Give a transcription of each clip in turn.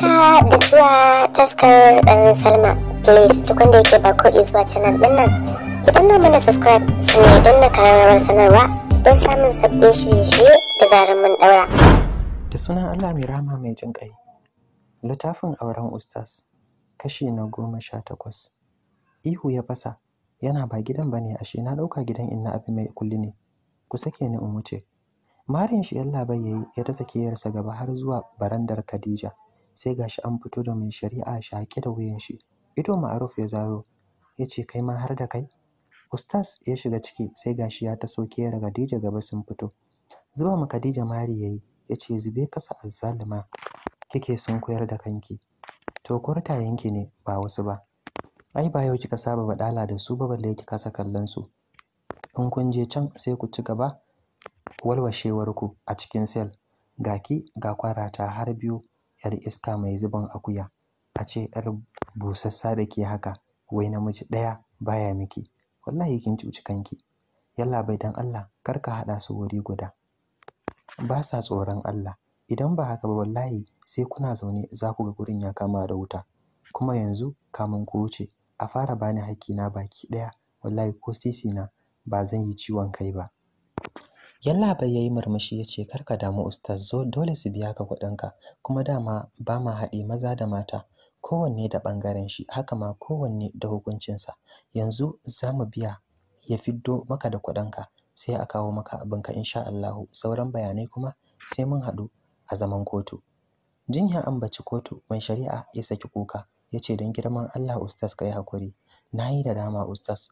haka da zuwa taskar dan salma please duk wanda yake ba ko zuwa canal din nan ki danna mana subscribe su ne don na kararrawar sanarwa don samun sabbin shirye-shirye da zarar mun daura da sunan allah mai rama mai jin kai littafin auren ustas kashi na goma sha takwas ihu ya fasa yana ba gidan ba ne ashe na ɗauka gidan inna abi mai kulli ne ku sake ni in wuce marin shi yalla bai yayi ya ta sake gaba har zuwa barandar khadija sai gashi an fito da mai shari'a shaki, da wuyan shi ido ma'aruf ya zaro ya ce kai ma har da kai ustaz ya shiga ciki sai gashi ya ta taso kera Khadija gaba sun fito zuba ma Khadija mari yayi ya ce zube kasa azzalima kike sun koyar da kanki to yanki ne ba wasu ba ai ba yau kika saba badala da su ba balle kika sa kallon su in kun je can sai ku ci gaba walwashewar ku a cikin sel gaki ga kwarata har biyu 'yar iska mai zuban akuya a ce 'yar busassa da ke haka wai namiji ɗaya baya miki wallahi kin cuci kanki yalla bai dan Allah kar ka haɗa su wuri guda ba sa tsoron Allah idan ba haka ba wallahi sai kuna zaune za ku ga gurin ya kama da wuta kuma yanzu kamun ku wuce a fara bani hakki na baki ɗaya wallahi ko sisi na ba zan yi ciwon kai ba yallaɓai ya yi murmushi ya ce karka damu ustaz zo dole su biya ka kuɗinka kuma dama ba ma haɗi maza da mata kowanne da ɓangaren shi haka ma kowanne da hukuncinsa yanzu za mu biya ya fiddo maka da kuɗinka sai a kawo maka abinka insha Allahu sauran bayanai kuma sai mun haɗu a zaman kotu jin ya ambaci kotu mai shari'a ya saki kuka ya ce don girman Allah ustaz ka yi hakuri na yi da dama ustaz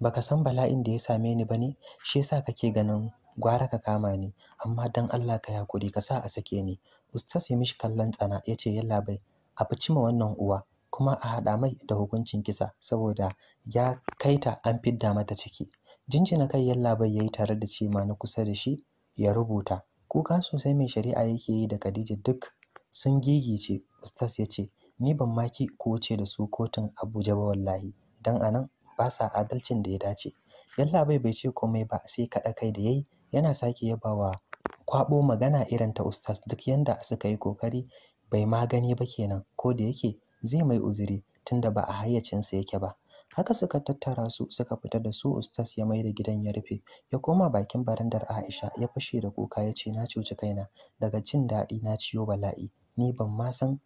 baka san bala'in da ya same ni ba ne? shi yasa kake ganin gwara ka kama ni amma dan Allah ka hakuri ka sa a sake ni ustas ya mishi kallon tsana yace yalla bai a fici ma wannan uwa kuma a haɗa mai da hukuncin kisa saboda ya kaita an fidda mata ciki jinjina kai yalla bai yayi tare da ma na kusa da shi ya rubuta kuka sosai mai shari'a yake yi da Khadija duk sun gigice ustas yace ni ban maki ko ce da su kotun Abuja ba wallahi dan anan ba sa adalcin da ya dace Yallabai bai ce komai ba sai kaɗa kai da yayi yana sake yabawa kwaɓo magana irin ta ustaz duk yanda suka yi kokari bai ma gani ba kenan ko da yake zai mai uzuri tunda ba a hayyacinsa yake ba haka suka tattara su suka fita da su ustas ya mai da gidan ya rufe ya koma bakin barandar aisha ya fashe da kuka ya ce na cuci kaina daga cin daɗi na ciyo bala'i ni ban ma san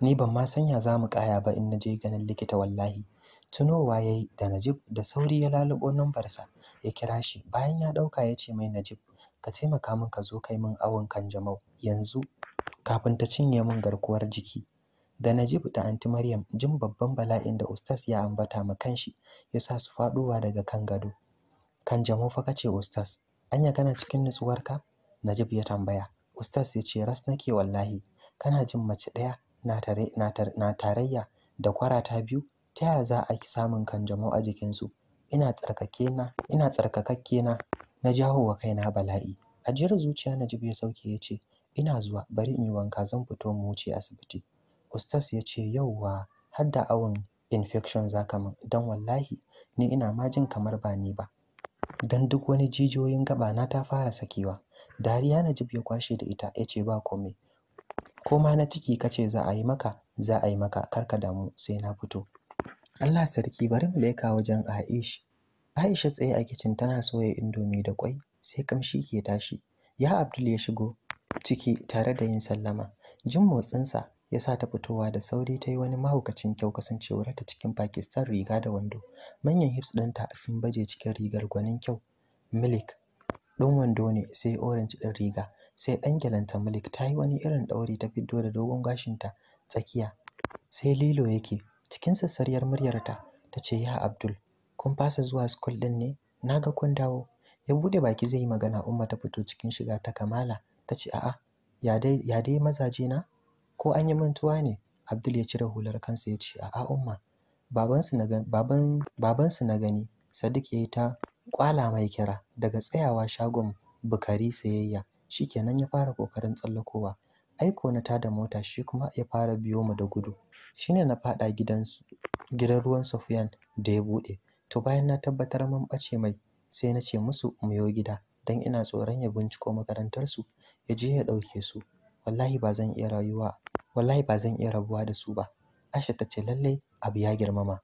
ni ban ma san za mu kaya ba in na je ganin likita wallahi Tunowa ya yi da Najib da sauri ya lalubo numbarsa ya kira shi. Bayan ya ɗauka ya ce mai Najib, ka taimaka min ka zo kai min awon kanjamau yanzu kafin ta cinye min garkuwar jiki. Da Najib da Anti Maryam jin babban bala'in da Ustas ya ambata ma kanshi ya sa su faɗowa daga kan gado. Kanjamau fa kace Ustas? anya kana cikin nutsuwarka? Najib ya tambaya. Ustas ya ce ras nake wallahi, kana jin mace ɗaya na tarayya da kwarata biyu ta yaya za a samun kanjamau a jikinsu ina tsarkake na ina tsarkakakke na na jawo wa kaina bala'i ajiyar zuciya Najib ya sauke ya ce ina zuwa bari in yi wanka zan fito mu wuce asibiti ustas ya ce yauwa har da awon infection zaka min dan wallahi ni ina majin kamar ba ni ba dan duk wani jijiyoyin gaba na ta fara sakewa dariya Najib ya kwashe da ita ya ce ba komai ko ma na ciki kace za a yi maka za a yi maka karka damu sai na fito Allah sarki bari mu leka wajen Aisha. Aisha tsaye a kicin tana soya indomi da kwai sai kamshi ke tashi. Ya Abdul ya shigo ciki tare da yin sallama. Jin motsinsa ya sa ta fitowa da sauri ta yi wani mahaukacin kyau kasancewar ta cikin Pakistan riga da wando. Manyan hips ɗinta sun baje cikin rigar gwanin kyau. Milik ɗin wando ne sai orange ɗin riga sai ɗan gyalanta milik ta yi wani irin ɗauri ta fiddo da dogon gashinta tsakiya sai lilo yake cikin sassariyar muryarta ta ce ya Abdul kun fasa zuwa skul din ne na ga kun dawo ya bude baki zai yi magana umma ta fito cikin shiga ta kamala ta ce a'a ya dai ya mazaje na ko an yi mantuwa ne Abdul ya cire hular kansa ya ce a'a umma babansu na gani baban babansu na gani Sadiq yayi ta kwala mai kira daga tsayawa shagon Bukari sayayya Shi kenan ya fara kokarin tsallakowa aiko na tada mota shi kuma ya fara biyo mu da gudu shine na fada gidansu gidan ruwan Sufyan da ya bude to bayan na tabbatar mun bace mai sai na ce musu mu yo gida dan ina tsoron ya binciko makarantar su ya je ya ɗauke su wallahi ba zan iya rayuwa wallahi ba zan iya rabuwa da su ba Aisha ta ce lallai abu ya girmama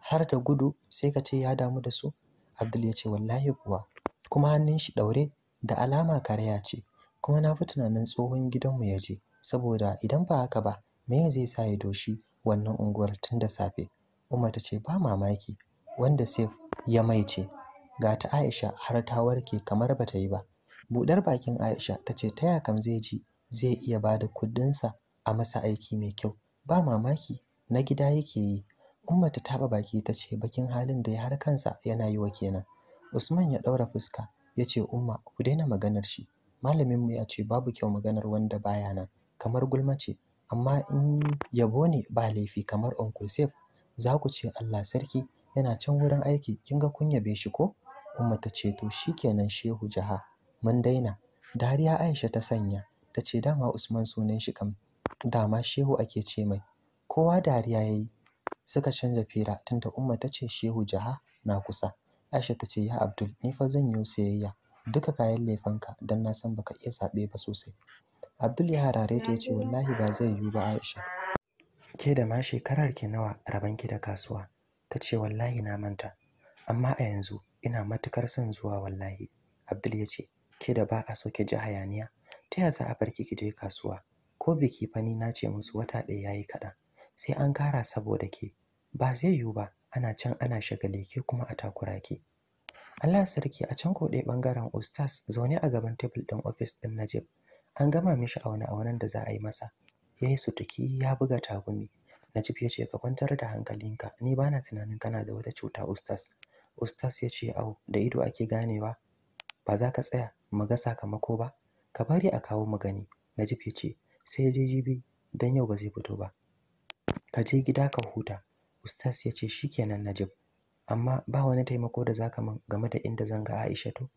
har da gudu sai ka ce ya damu da su Abdul ya ce wallahi kuwa kuma hannun shi ɗaure da alama karaya ce kuma na fi tunanin tsohon gidanmu ya je saboda idan ba haka ba me zai sa ya doshi wannan unguwar tun da safe Umar ta ce ba mamaki wanda Saif ya maice ga ta Aisha har ta warke kamar bata yi ba budar bakin Aisha ta ce taya kam zai ji zai iya ba da kuɗinsa a masa aiki mai kyau ba mamaki na gida yake yi Umar ta taba baki ta ce bakin halin da ya har kansa yana yi wa kenan Usman ya ɗaura fuska ya ce Umma ku daina maganar shi Malaminmu ya ce babu kyau maganar wanda baya nan, kamar gulma ce, amma in yabo ne ba laifi kamar Uncle Safe za ku ce Allah sarki yana can wurin aiki kin ga kun yabe shi ko? Umma ta ce to shikenan Shehu Jaha mun daina. Dariya Aisha ta sanya ta ce dama Usman sunan shi kam dama Shehu ake ce mai. Kowa dariya yayi suka canza fira tunda Umma ta ce Shehu Jaha na kusa. Aisha ta ce ya Abdul ni fa zan yo sayayya duka kayan lefenka don na san baka iya zaɓe ba sosai abdul ya harare ta ya ce wallahi ba zai yiwu ba aisha ke da ma shekarar ki nawa ki da kasuwa ta ce wallahi na manta amma a yanzu ina matukar son zuwa wallahi abdul ya ce ke da ba a so ki ji hayaniya ta yaya za a barki ki je kasuwa ko biki fa ni na ce musu wata ɗaya yayi kaɗan sai an kara saboda ke ba zai yiwu ba ana can ana shagale ke kuma a takura ki Allah sarki a can koɗe ɓangaren Ustaz zaune a gaban tebul ɗin ofis ɗin Najib. An gama mishi a aunen da za a yi masa. Ya yi sutuki ya buga tagumi. Najib ya ce ka kwantar da hankalinka ni ba na tunanin kana da wata cuta Ustaz. Ustaz ya ce au da ido ake ganewa. Ba za ka tsaya mu ga sakamako ba. Ka bari a kawo mu gani. Najib ya ce sai je jibi dan yau ba zai fito ba. Ka je gida ka huta. Ustaz ya ce shikenan Najib. amma ba wani taimako da zaka min game da inda zan ga Aisha to?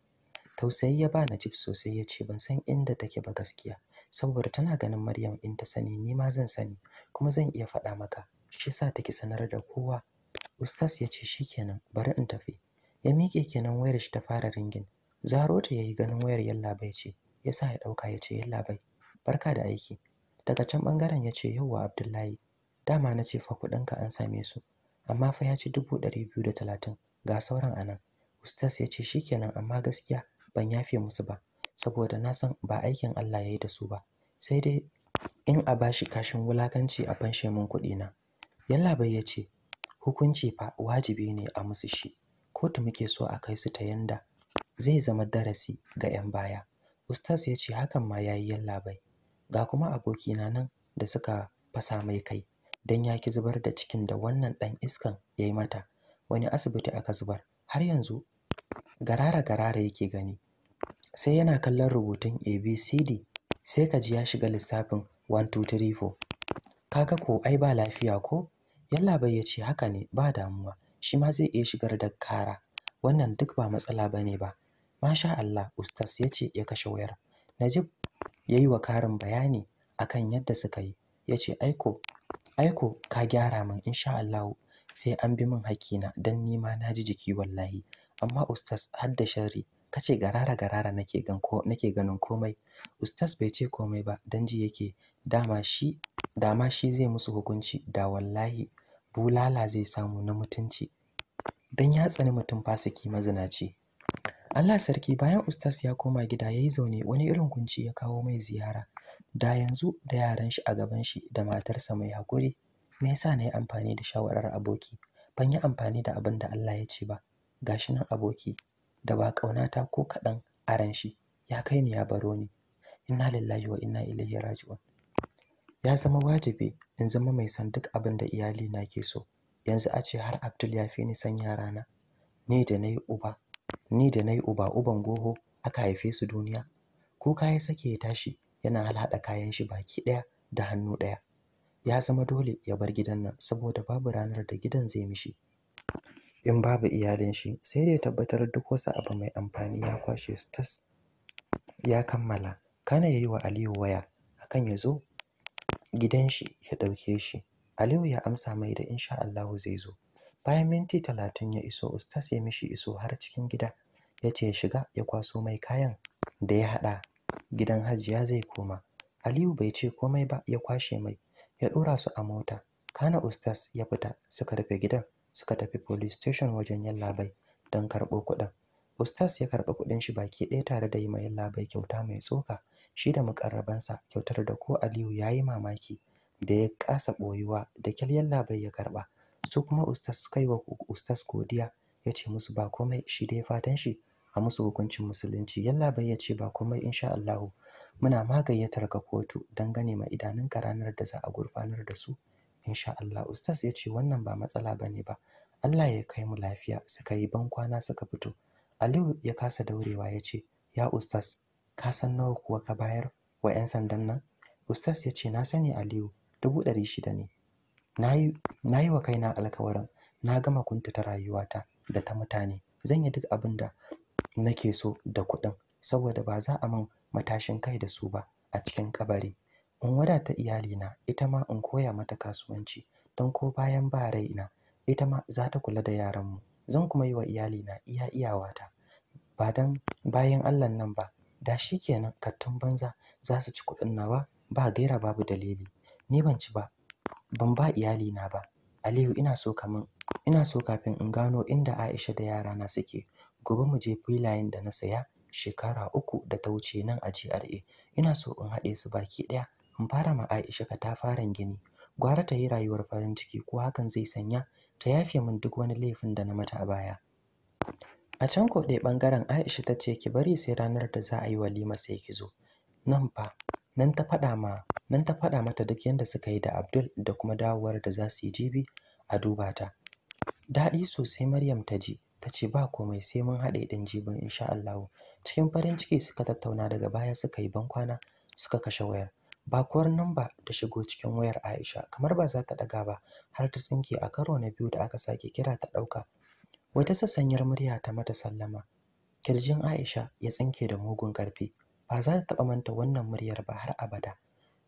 tausayi ya ba Najib sosai yace ban san inda take ba gaskiya saboda tana ganin Maryam in ta sani ni ma zan sani kuma zan iya faɗa maka shi yasa take sanar da kowa Ustas ya ce shikenan bari in tafi ya miƙe kenan wayar shi ta fara ringin zaro ta yayi ganin wayar bai ce yasa ya dauka ya ce yallabai barka da aiki daga can bangaren ya ce yauwa Abdullahi dama na ce fa kuɗinka an same su amma fa ya ci dubu ɗari biyu da talatin ga sauran anan ustas ya ce shikenan amma gaskiya ban yafe musu ba saboda na san ba aikin Allah ya yi da su ba sai dai in a bashi kashin wulakanci a fanshe min na. Yallabai ya ce hukunci fa wajibi ne a musu shi kotu muke so a kai su ta yanda zai zama darasi ga 'yan baya ustas ya ce hakan ma ya yi bai ga kuma abokina nan da suka fasa mai kai don ya ki zubar da cikin da wannan ɗan iskan ya yi mata wani asibiti aka zubar har yanzu garara garara yake gani sai yana kallon rubutun abcd sai ka ji ya shiga lissafin 1234 kaga ko ai ba lafiya ko yalla bai ya ce haka ne ba damuwa shi ma zai iya shigar da kara wannan duk ba matsala ba ne ba masha Allah ustas ya ce ya kashe wayar najib ya yi wa karin bayani akan yadda suka yi ya ce aiko Aiko ka gyara min insha Allahu sai an bi min na dan nima na ji jiki wallahi amma ustaz har da sharri kace garara garara nake gan ko nake ganin komai ustaz bai ce komai ba dan ji yake dama shi dama shi zai musu hukunci da wallahi bulala zai samu na mutunci dan ya tsani mutum fasiki mazinaci Allah sarki bayan ustas ya koma gida ya yi zaune wani irin kunci ya kawo mai ziyara da yanzu da yaran shi a gaban shi da matarsa mai hakuri me yasa na yi amfani da shawarar aboki ban yi amfani da abin da Allah ya ce ba gashi nan aboki da ba ƙaunata ko kaɗan a ran shi ya kai ni ya baro ni inna lillahi wa inna ilaihi raji'un ya zama wajibi in zama mai san duk abin da iyali na ke so yanzu a ce har Abdul ya fi ni san yarana ne da na yi uba ni da na yi uba-uban goho aka haife su duniya kuka ya sake ya tashi yana halhaɗa kayan shi baki ɗaya da hannu ɗaya ya zama dole ya bar gidan nan saboda babu ranar da gidan zai mishi in babu iyalin shi sai da ya tabbatar duk wasu abu mai amfani ya kwashe su tas ya kammala kana yayi wa Aliyu waya akan ya zo gidan shi ya dauke shi Aliyu ya amsa mai da insha allahu zai zo bayan minti talatin ya iso ustas ya mishi iso har cikin gida ya ce ya shiga ya kwaso mai kayan da ya haɗa gidan hajiya zai koma aliyu bai ce komai ba ya kwashe mai ya ɗora su a mota kana ustas ya fita suka rufe gidan suka tafi police station wajen yallabai don karɓo kuɗin ustas ya karɓi kuɗin shi baki ɗaya tare da yi ma yallabai kyauta mai tsoka shi da mukarrabansa kyautar da ko aliyu ya yi mamaki da ya kasa ɓoyuwa da kyalyan labai ya karɓa su kuma ustas suka yi wa ustas godiya ya ce musu ba komai shi ya fatan shi a musu hukuncin musulunci yalla bai ya ce ba komai insha Allah muna gayyatar ka kotu don gane ma ka ranar da za a gurfanar da su insha Allah ustas ya ce wannan ba matsala bane ba Allah ya kai mu lafiya suka yi ban kwana suka fito Aliyu ya kasa daurewa ya ce ya ustas ka san nawa kuwa ka bayar wa 'yan sandan nan ustas ya ce na sani Aliyu dubu ɗari shida ne na yi wa kaina alƙawarin na gama kuntata rayuwata da ta mutane zan yi duk abin da nake so da kuɗin saboda ba za a man matashin kai da su ba a cikin kabari in wadata iyalina ita ma in koya mata kasuwanci don ko bayan ba raina ita ma za ta kula da yaranmu zan kuma yi wa iyalina iya iyawata ba don bayan allah nan ba da shi kenan kattun banza za su ci kuɗin nawa ba gaira babu dalili ni ban ci ba ban ba iyalina ba Aliyu ina so kaman ina so kafin in gano inda Aisha da yarana suke gobe mu je filayen da na saya shekara uku da ta wuce nan a GRA ina so in haɗe su baki ɗaya in fara ma Aisha katafaren gini gwara ta yi rayuwar farin ciki ko hakan zai sanya ta yafe min duk wani laifin da na mata a baya a can ko ɗaya ɓangaren Aisha ta ce ki bari sai ranar da za a yi walima sai ki zo nan fa nan ta faɗa ma nan ta faɗa mata duk yadda suka yi da Abdul da kuma dawowar da za su yi jibi a duba ta daɗi sosai Maryam ta ji ta ce ba komai sai mun haɗe ɗin jibin insha Allah cikin farin ciki suka tattauna daga baya suka yi bankwana suka kashe wayar bakuwar namba ta shigo cikin wayar Aisha kamar ba za ta ɗaga ba har ta tsinke a karo na biyu da aka sake kira ta ɗauka wata sassanyar murya ta mata sallama kirjin Aisha ya tsinke da mugun ƙarfi ba za ta taɓa manta wannan muryar ba har abada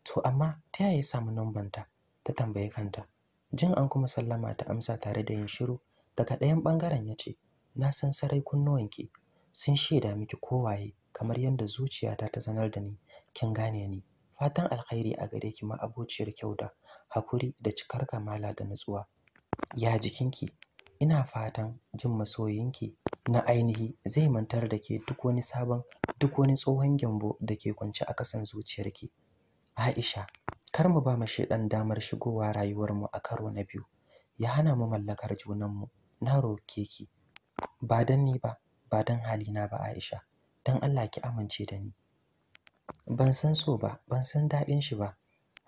to amma ta yaya ya samu nambanta ta tambayi kanta jin an kuma sallama ta amsa tare da yin shiru daga ɗayan ɓangaren ya ce na san sarai kunnuwanki sun shaida miki kowaye kamar yadda zuciyata ta sanar da ni kin gane ni fatan alkhairi a gare ki ma abociyar kyauta. hakuri da cikar kamala da nutsuwa ya jikinki ina fatan jin masoyinki na ainihi zai mantar da ke duk wani sabon duk wani tsohon gyambo da ke kwance a kasan zuciyarki Aisha kar mu ba mu shaidan damar shigowa rayuwarmu a karo na biyu ya hana mu mallakar junanmu na roke ki ba dan ni ba ba dan halina ba Aisha dan Allah ki amince da ni ban san so ba ban san daɗin shi ba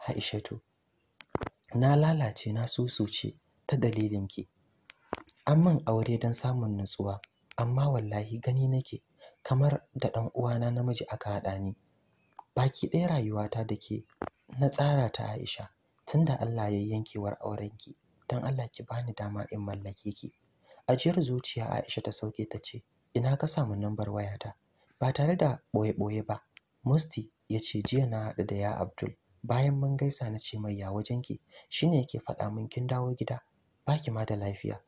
Aisha to. na lalace na susuce ta dalilinki amman aure dan samun nutsuwa amma wallahi gani nake kamar da ɗan uwana namiji aka haɗa ni baki ɗaya rayuwata da ke na tsara ta Aisha tun da Allah ya yankewar aurenki don Allah ki bani dama in mallake ki ajiyar zuciya Aisha ta sauke ta ce ina ka samu lambar wayata ba tare da ɓoye-ɓoye ba Musti ya ce jiya na haɗu da ya Abdul bayan mun gaisa na ce mai ya wajenki shine yake faɗa min kin dawo gida baki ma da lafiya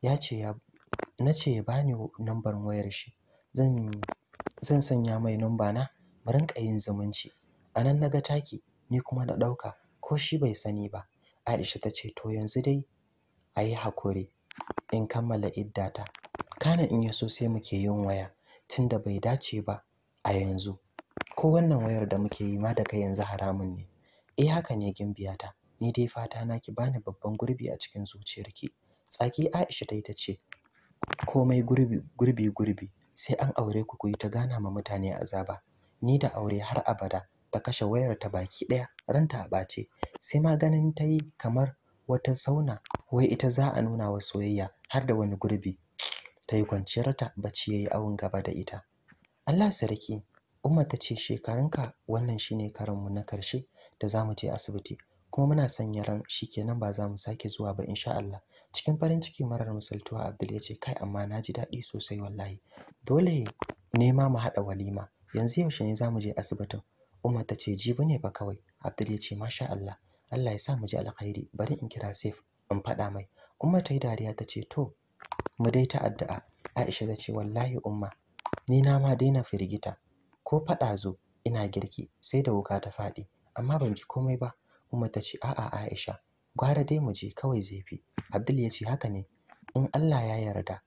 ya ce ya na ce ya bani lambar wayar shi zan sanya mai numba na mu rinka yin zumunci a nan na ga taki ni kuma na ɗauka ko shi bai sani ba Aisha ta ce to yanzu dai a yi hakuri in kammala iddata kana in ya so sai muke yin waya tunda bai dace ba a yanzu ko wannan wayar da muke yi ma daga yanzu haramun ne eh haka ne ta. ni dai fata na ki bani babban gurbi a cikin zuciyarki tsaki Aisha ta yi ta ce komai gurbi gurbi sai an aure ku ku yi ta gana ma mutane azaba ni da aure har abada ta kashe wayar ta baki ɗaya ranta a ɓace sai ma ganin ta yi kamar wata sauna wai ita za a nuna wa soyayya har da wani gurbi ta yi kwanciyar ta bacci ya yi awon gaba da ita Allah sarki Umma ta ce shekarunka wannan shine mu na karshe da za mu je asibiti kuma muna sanya ran shi kenan ba za mu sake zuwa ba insha Allah cikin farin ciki marar misaltuwa Abdul ya ce kai amma na ji daɗi sosai wallahi dole ne ma mu haɗa walima yanzu yaushe ne za mu je asibitin Umar ta ce jibi ne ba kawai Abdul ya ce masha Allah Allah ya sa mu ji alkhairi bari in kira safe in faɗa mai Umar ta yi dariya ta ce to mu dai ta addu'a Aisha ta ce wallahi umma ni na ma daina firgita ko faɗa zo ina girki sai da wuka ta faɗi amma ban ji komai ba Umar ta ce a'a Aisha gwara dai mu je kawai zai fi Abdul ya ce haka ne in Allah ya yarda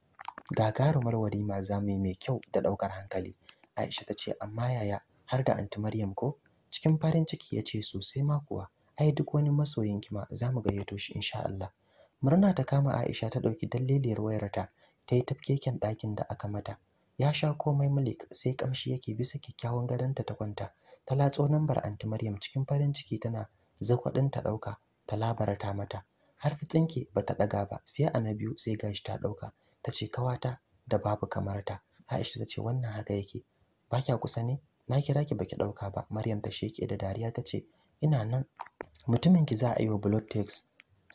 gagarumar walima za mu yi mai kyau da ɗaukar hankali Aisha ta ce amma yaya har da anti Maryam ko cikin farin ciki ya ce sosai ma kuwa ai duk wani masoyin ma za mu gayyato shi insha Allah murna ta kama Aisha ta ɗauki dalliliyar wayar ta yi tafkeken ɗakin da aka mata ya sha komai mulik sai kamshi yake bisa kyakkyawan gadonta ta kwanta ta latso lambar anti Maryam cikin farin ciki tana zakwadin ta ɗauka. ta labarata mata har ta tsinke ba ta ɗaga ba sai a na biyu sai gashi ta ɗauka. Ta ce kawata da babu kamar ta Aisha tace wannan haka yake ba kya kusa ne na kira ki baki ɗauka ba Maryam ta sheke da dariya ta ce ina nan mutumin ki za a yi wa blood test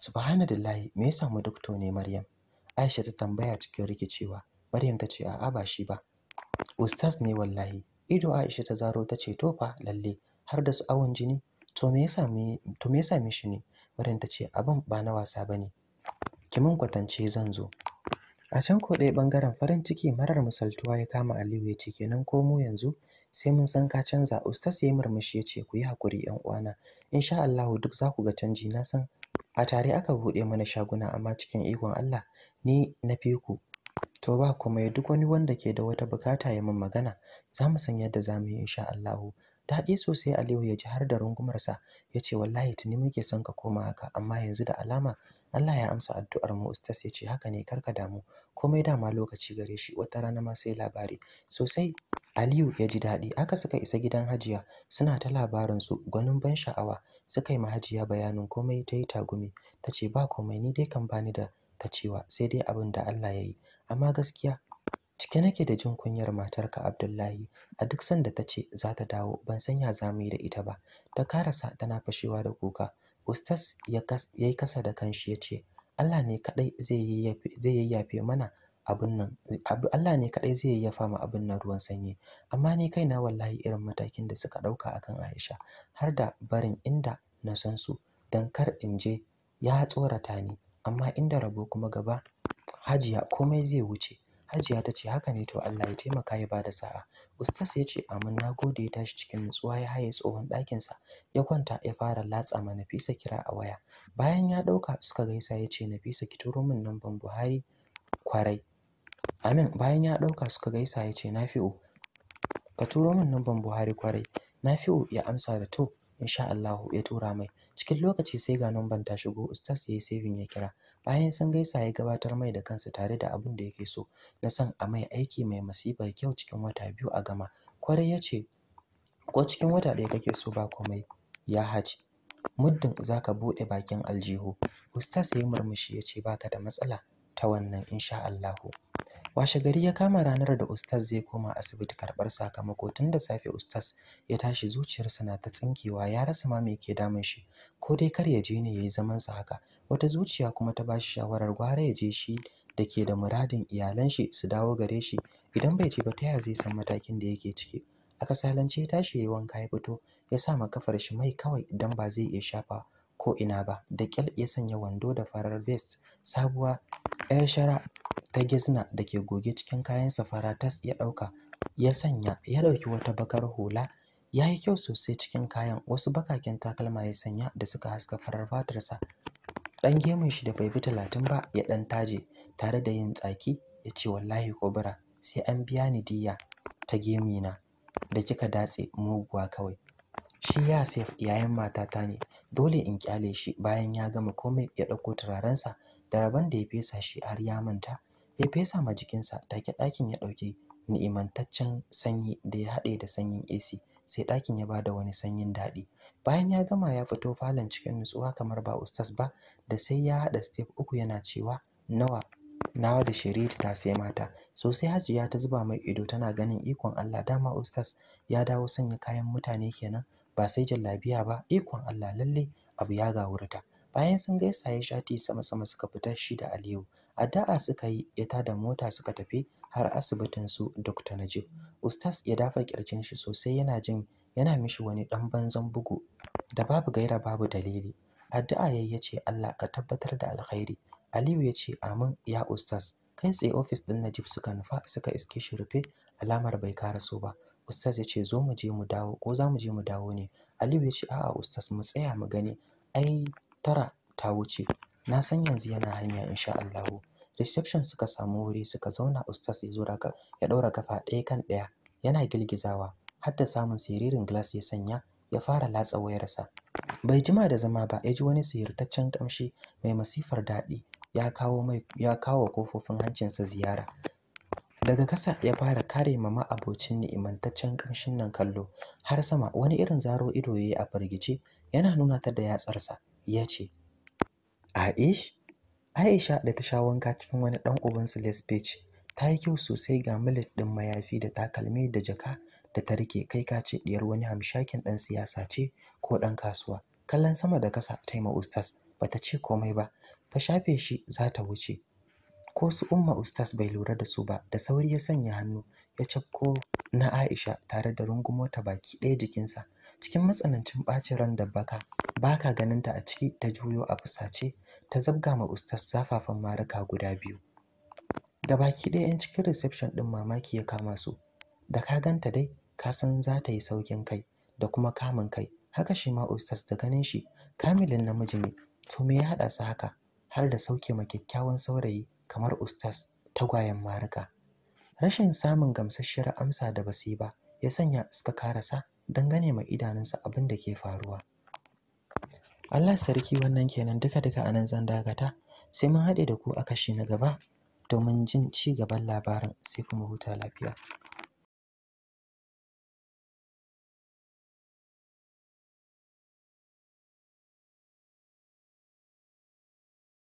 subhanallahi me yasa mu dokto ne Maryam Aisha ta tambaya cikin rikicewa Maryam ta ce a'a ba shi ba ustaz ne wallahi ido Aisha ta zaro ta ce tofa lalle har da su awon jini to me ya me shi ne maryam ta ce abin ba na wasa ba ne ki mun kwatance zan zo a can ko ɗaya ɓangaren farin ciki marar misaltuwa ya kama aliyu ya ce kenan ko mu yanzu sai mun san ka canza ustas ya murmushi ya ce ku yi hakuri yan uwana insha allah duk za ku ga canji na san a tare aka buɗe mana shaguna amma cikin ikon allah ni na fi ku to ba kuma duk wani wanda ke da wata bukata ya min magana za mu san yadda za mu yi insha Allahu daɗi sosai aliyu ya ji har da rungumarsa ya ce wallahi tuni muke son ka koma haka amma yanzu da alama allah ya amsa addu'ar mu ustas ya ce haka ne kar ka damu komai dama lokaci gare shi wata rana ma sai labari sosai aliyu ya ji daɗi haka suka isa gidan hajiya suna ta labarin su gwanin ban sha'awa suka yi ma hajiya bayanin komai ta yi tagumi ta ce ba komai ni dai kan bani da ta cewa sai dai abin da allah ya yi amma gaskiya cike nake da jin kunyar matarka Abdullahi a duk sanda ta ce za ta dawo ban san ya za mu yi da ita ba ta karasa tana fashewa da kuka ustas ya yi kasa da kanshi ya ce Allah ne kadai zai yayyafe mana abin nan Allah ne kadai zai yayyafa ma abin nan ruwan sanyi amma ni kaina wallahi irin matakin da suka dauka akan Aisha har da barin inda na san su dan kar in je ya tsorata ni amma inda rabo kuma gaba hajiya komai zai wuce Hajiya ta ce haka ne to Allah ya taimaka ya bada sa'a. Ustas ya ce amin na gode ya tashi cikin nutsuwa ya haye tsohon ɗakinsa ya kwanta ya fara latsa ma Nafisa kira a waya. Bayan ya ɗauka suka gaisa ya ce Nafisa ki turo min namban Buhari kwarai. Amin bayan ya ɗauka suka gaisa ya ce Nafi'u ka turo min namban Buhari kwarai. Nafi'u ya amsa da to insha Allahu ya tura mai cikin lokaci sai ga numban ta shigo ustaz yayi saving ya kira bayan sun gaisa ya gabatar mai da kansa tare da abin da yake so na san a mai aiki mai masifar kyau cikin wata biyu a gama kwarai ya ce ko cikin wata ɗaya kake so ba komai ya haji muddin zaka buɗe bakin aljihu ustaz yi murmushi ya ce baka da matsala ta wannan insha Allahu washe gari ya kama ranar da ustaz zai koma asibiti karɓar sakamako tun da safe ustaz ya tashi zuciyarsa na ta tsinkewa ya rasa ma me ke damun shi ko dai kar ya je ne yayi zaman sa haka wata zuciya kuma ta bashi shawarar gwara ya je shi da ke da muradin iyalan shi su dawo gare shi idan bai ci ba ta ya zai san matakin da yake ciki aka salance ya tashi ya wanka ya fito ya sa ma kafar shi mai kawai idan ba zai iya shafa ko ina ba da kyal ya sanya wando da farar vest sabuwa yar shara ta gizna da ke goge cikin kayan safara tas ya ɗauka ya sanya ya ɗauki wata bakar hula ya yi kyau sosai cikin kayan wasu bakaken takalma ya sanya da suka haska farar fatarsa ɗan gemun shi da bai bi talatin ba ya ɗan taje tare da yin tsaki ya ce wallahi kobra sai an biya ni diya ta na da kika datse muguwa kawai shi ya sef yayin matata ne dole in kyale shi bayan ya gama komai ya ɗauko turarensa da da ya fesa shi har ya manta ya fesa ma jikinsa take ɗakin ya ɗauki ni'imantaccen sanyi da ya haɗe da sanyin AC sai ɗakin ya bada wani sanyin daɗi bayan ya gama ya fito falon cikin nutsuwa kamar ba ustas ba da sai ya haɗa step uku yana cewa nawa nawa da shiri ta sai mata so sai hajiya ta zuba mai ido tana ganin ikon Allah dama ustas ya dawo sanya kayan mutane kenan ba sai jallabiya ba ikon Allah lalle abu ya gawurta bayan sun gaisa ya shati sama sama suka fita shi da aliyu addu'a suka yi ya tada mota suka tafi har asibitin su dr najib ustaz ya dafa kirjin shi sosai yana jin yana mishi wani dan banzan bugu da babu gaira babu dalili addu'a yayi ya ce allah ka tabbatar da alkhairi aliyu ya ce amin ya ustaz kai tsaye ofis din najib suka nufa suka iske shi rufe alamar bai karaso ba ustaz ya ce zo mu je mu dawo ko za mu je mu dawo ne aliyu ya ce a'a ustaz mu tsaya mu gani ai tara ta wuce na san yanzu yana hanya insha Allahu reception suka samu wuri suka zauna ustaz ya zo daga ya daura kafa ɗaya kan ɗaya yana girgizawa har da samun siririn glass ya sanya ya fara latsa wayarsa bai jima da zama ba ya ji wani sihirtaccen kamshi mai masifar daɗi ya kawo mai ya kawo kofofin hancinsa ziyara daga kasa ya fara kare mama abocin ni'imantaccen kamshin nan kallo har sama wani irin zaro ido yayi a firgice yana nuna ta da yatsarsa ya ce aish aisha da ta sha wanka cikin wani ɗan uban silespeci ta yi kyau sosai ga milit ɗin mayafi da takalmi da jaka da ta rike kai ka ce diyar wani hamshakin ɗan siyasa ce ko ɗan kasuwa kallon sama da kasa ta yi ma ustas ba ta ce komai ba ta shafe shi za ta wuce ko su umma ustas bai lura da su ba da sauri ya sanya hannu ya cafko na aisha tare da rungumota baki ɗaya jikinsa cikin matsanancin ɓacin ran da baka baka ganin ta a ciki ta juyo a fusace ta zabga ma ustas zafafan maraka guda biyu da baki ɗaya yan cikin reception ɗin mamaki ya kama su da ka ganta dai ka san za ta yi saukin kai da kuma kamun kai haka shi ma ustas da ganin shi kamilin namiji ne to me ya haɗa su haka har da sauke ma kyakkyawan saurayi kamar ustas tagwayen marika rashin samun gamsasshiyar amsa da basi ba ya sanya suka karasa dangane mai idanunsa abin da ke faruwa Allah sarki wannan kenan duka duka nan zan dagata sai mun haɗe da ku a kashi na gaba domin jin ci gaban labarin sai kuma huta lafiya